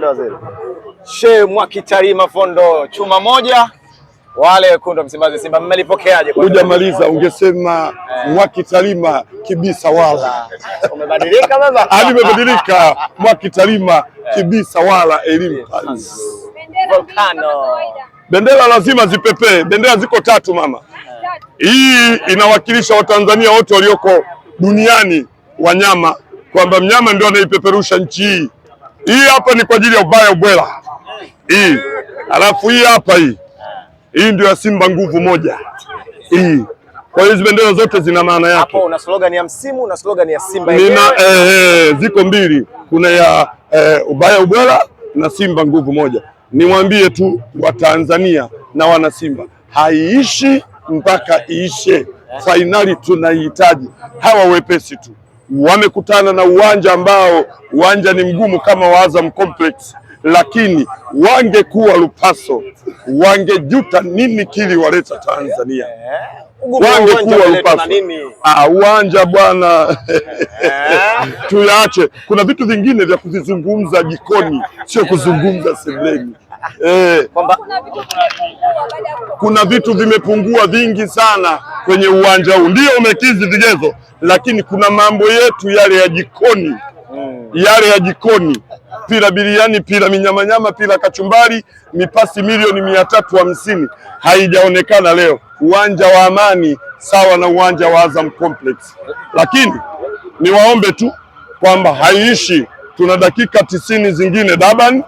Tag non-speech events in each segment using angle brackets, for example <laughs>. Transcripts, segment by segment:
upande wa zero. She Fondo chuma moja, wale wekundu Msimbazi Simba, mmelipokeaje? Hujamaliza ungesema mwakitalima eh. Mwakitarima kibisa wala. <laughs> Umebadilika baba? Nimebadilika, Mwakitarima eh. kibisa wala elimu volcano. Bendera lazima zipepee, bendera ziko tatu mama Hii inawakilisha Watanzania wote walioko duniani, wanyama kwamba mnyama ndio anaipeperusha nchi hii hii hapa ni kwa ajili ya ubaya ubwela hii, alafu hii hapa hii hii ndio ya Simba nguvu moja hii. Kwa hiyo hizi bendera zote zina maana yake. Hapo una slogan ya msimu na slogan ya Simba yenyewe. Nina eh, eh, ziko mbili, kuna ya eh, ubaya ubwela na Simba nguvu moja. Niwaambie tu Watanzania na wana Simba, haiishi mpaka iishe. Fainali tunaihitaji, hawa wepesi tu wamekutana na uwanja ambao uwanja ni mgumu kama wa Azam Complex lakini wangekuwa Lupaso wangejuta nini kiliwaleta Tanzania. Wangekuwa Lupaso ah, uwanja bwana eh? <laughs> tuyaache. Kuna vitu vingine vya kuvizungumza jikoni, sio kuzungumza sebuleni. Eh, kuna vitu vimepungua vingi sana kwenye uwanja huu, ndio umekizi vigezo, lakini kuna mambo yetu yale ya jikoni, hmm. yale ya jikoni pila biriani, pila minyamanyama, pila kachumbari, mipasi milioni mia tatu hamsini haijaonekana leo. Uwanja wa Amani sawa na uwanja wa Azam Complex, lakini niwaombe tu kwamba haiishi, tuna dakika tisini zingine Durban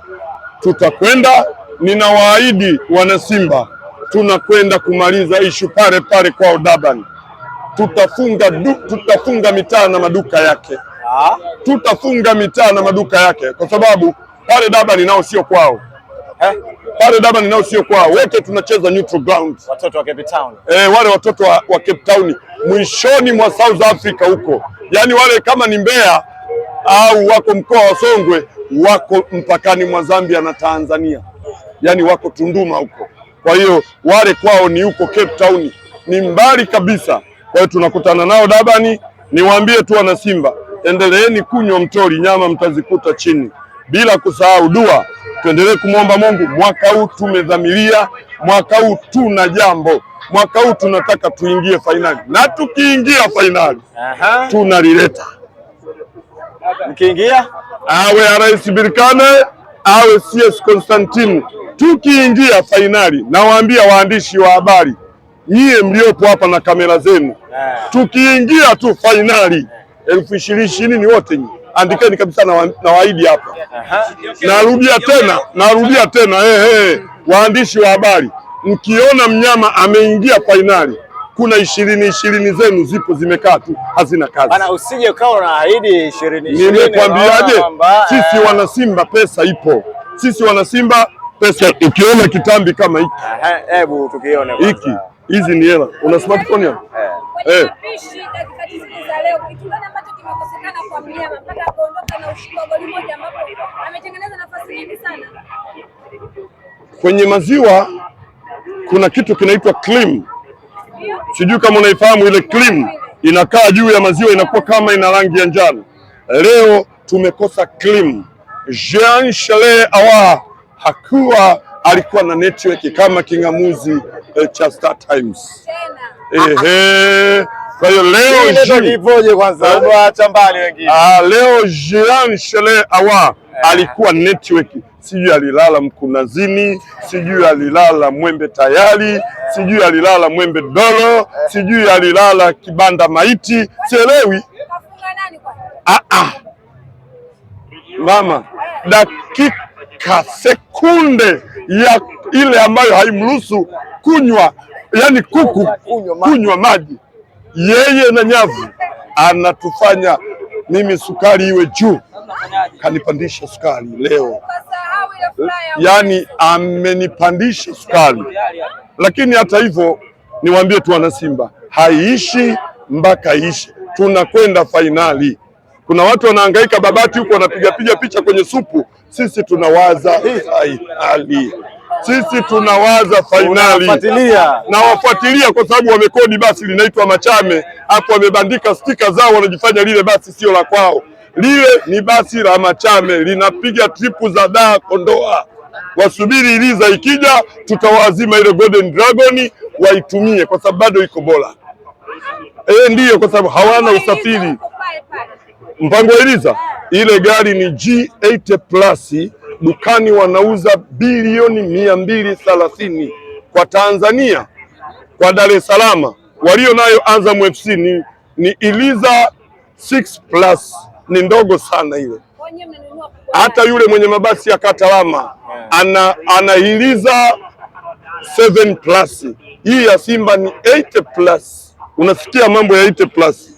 tutakwenda. Ninawaahidi wanasimba, tunakwenda kumaliza ishu pale pale kwao Durban, tutafunga, tutafunga mitaa na maduka yake tutafunga mitaa na maduka yake, kwa sababu pale Dabani nao sio kwao eh? Pale Dabani nao sio kwao, wote tunacheza neutral ground. Watoto wa Cape Town eh, wale watoto wa, wa Cape Town mwishoni mwa South Africa huko, yaani wale kama ni Mbeya au wako mkoa wa Songwe, wako mpakani mwa Zambia na Tanzania, yaani wako Tunduma huko. Kwa hiyo wale kwao ni huko Cape Town, ni mbali kabisa. Kwa hiyo tunakutana nao Dabani. Niwaambie tu wana Simba, endeleeni kunywa mtori, nyama mtazikuta chini, bila kusahau dua. Tuendelee kumwomba Mungu. Mwaka huu tumedhamiria, mwaka huu tuna jambo, mwaka huu tunataka tuingie fainali, na tukiingia fainali tunalileta. Mkiingia awe Rais Birkane awe CS Constantine, tukiingia fainali, nawaambia waandishi wa habari, nyie mliopo hapa na kamera zenu, ah. tukiingia tu fainali elfu ishirini ishirini wote nyinyi andikeni kabisa na, wa, na hapa narudia tena narudia tena hey, hey. Waandishi wa habari mkiona mnyama ameingia fainali kuna ishirini ishirini zenu zipo zimekaa tu hazina kazi. Bana, Usije ukawa unaahidi ishirini ishirini. Nimekwambiaje? Eh. Sisi wana Simba pesa ipo, sisi wana Simba pesa. Ukiona kitambi kama hiki, hebu tukione hiki, hizi ni hela. Una smartphone hapo eh? eh kimekosekana kwa mnyama mpaka akaondoka na ushindi wa goli moja, ambapo ametengeneza nafasi nyingi sana. Kwenye maziwa kuna kitu kinaitwa cream, sijui kama unaifahamu ile cream inakaa juu ya maziwa inakuwa kama ina rangi ya njano. Leo tumekosa cream. Jean Charles awa hakuwa alikuwa na network kama kingamuzi eh, cha Star Times. Ehe. Kwa hiyo leo kwanza eh? acha mbali wengine. Ah, leo Jean Chele awa eh. alikuwa network, sijui alilala Mkunazini, sijui alilala Mwembe Tayari, sijui alilala Mwembe dolo eh. sijui alilala Kibanda Maiti, sielewi. Ah, ah. Mama, dakika sekunde ya ile ambayo haimruhusu kunywa, yani kuku kunywa maji yeye na nyavu anatufanya mimi sukari iwe juu, kanipandisha sukari leo, yaani amenipandisha sukari. Lakini hata hivyo niwaambie tu wana Simba, haiishi mpaka ishi, tunakwenda fainali. Kuna watu wanahangaika Babati huko wanapigapiga picha kwenye supu, sisi tunawaza fainali sisi tunawaza fainali na wafuatilia, kwa sababu wamekodi basi linaitwa Machame, hapo wamebandika stika zao, wanajifanya lile basi sio la kwao. Lile ni basi la Machame, linapiga tripu za daa Kondoa. Wasubiri iliza ikija, tutawazima ile Golden Dragon waitumie, kwa sababu bado iko bora. E, ndiyo, kwa sababu hawana usafiri. Mpango wa iliza ile gari ni G8 plus dukani wanauza bilioni mia mbili thelathini kwa Tanzania. Kwa Dar es Salaam walio nayo Azam FC ni, ni Iliza 6 plus ni ndogo sana ile. Hata yule mwenye mabasi ya Katalama ana, ana Iliza 7 plus. Hii ya Simba ni 8 plus. Unasikia mambo ya 8 plus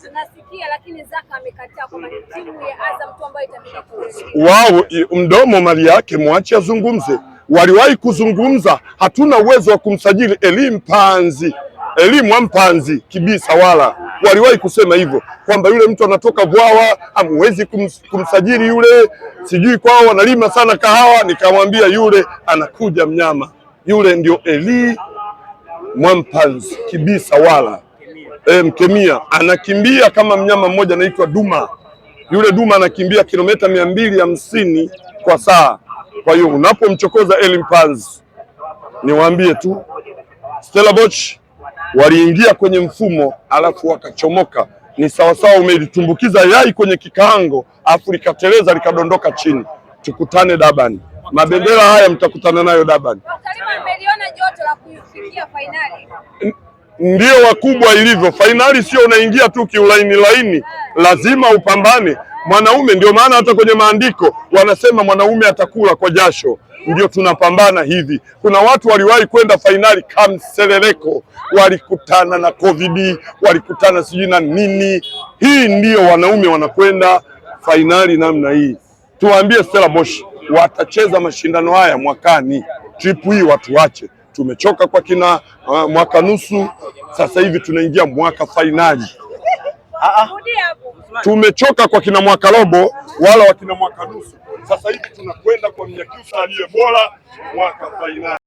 amesikia, lakini Zaka amekataa kwamba timu ya Azam tu ambayo wao. Mdomo mali yake, mwache azungumze. Waliwahi kuzungumza, hatuna uwezo wa kumsajili elimu panzi elimu ampanzi kibisa, wala waliwahi kusema hivyo kwamba yule mtu anatoka Vwawa, amwezi kumsajili yule, sijui kwao wanalima sana kahawa. Nikamwambia yule anakuja mnyama, yule ndio Eli Mwampanzi kibisa wala e, eh, mkemia anakimbia kama mnyama mmoja anaitwa duma. Yule duma anakimbia kilomita mia mbili hamsini kwa saa. Kwa hiyo unapomchokoza elimpanzi, niwaambie tu Stellenbosch waliingia kwenye mfumo alafu wakachomoka. Ni sawasawa umelitumbukiza yai kwenye kikaango alafu likateleza likadondoka chini. Tukutane Dabani, mabendera haya mtakutana nayo Dabani ndio wakubwa ilivyo. Fainali sio unaingia tu kiulaini laini, lazima upambane mwanaume. Ndio maana hata kwenye maandiko wanasema mwanaume atakula kwa jasho. Ndio tunapambana hivi. Kuna watu waliwahi kwenda fainali kamseleleko, walikutana na COVID, walikutana sijui na nini. Hii ndio wanaume wanakwenda fainali namna hii. Tuwaambie Stella Moshi watacheza mashindano haya mwakani, trip hii watu wache tumechoka kwa kina uh, mwaka nusu, sasa hivi tunaingia mwaka fainali ah, ah. tumechoka kwa kina mwaka robo wala wakina mwaka nusu, sasa hivi tunakwenda kwa Mnyakyusa aliye bora mwaka fainali.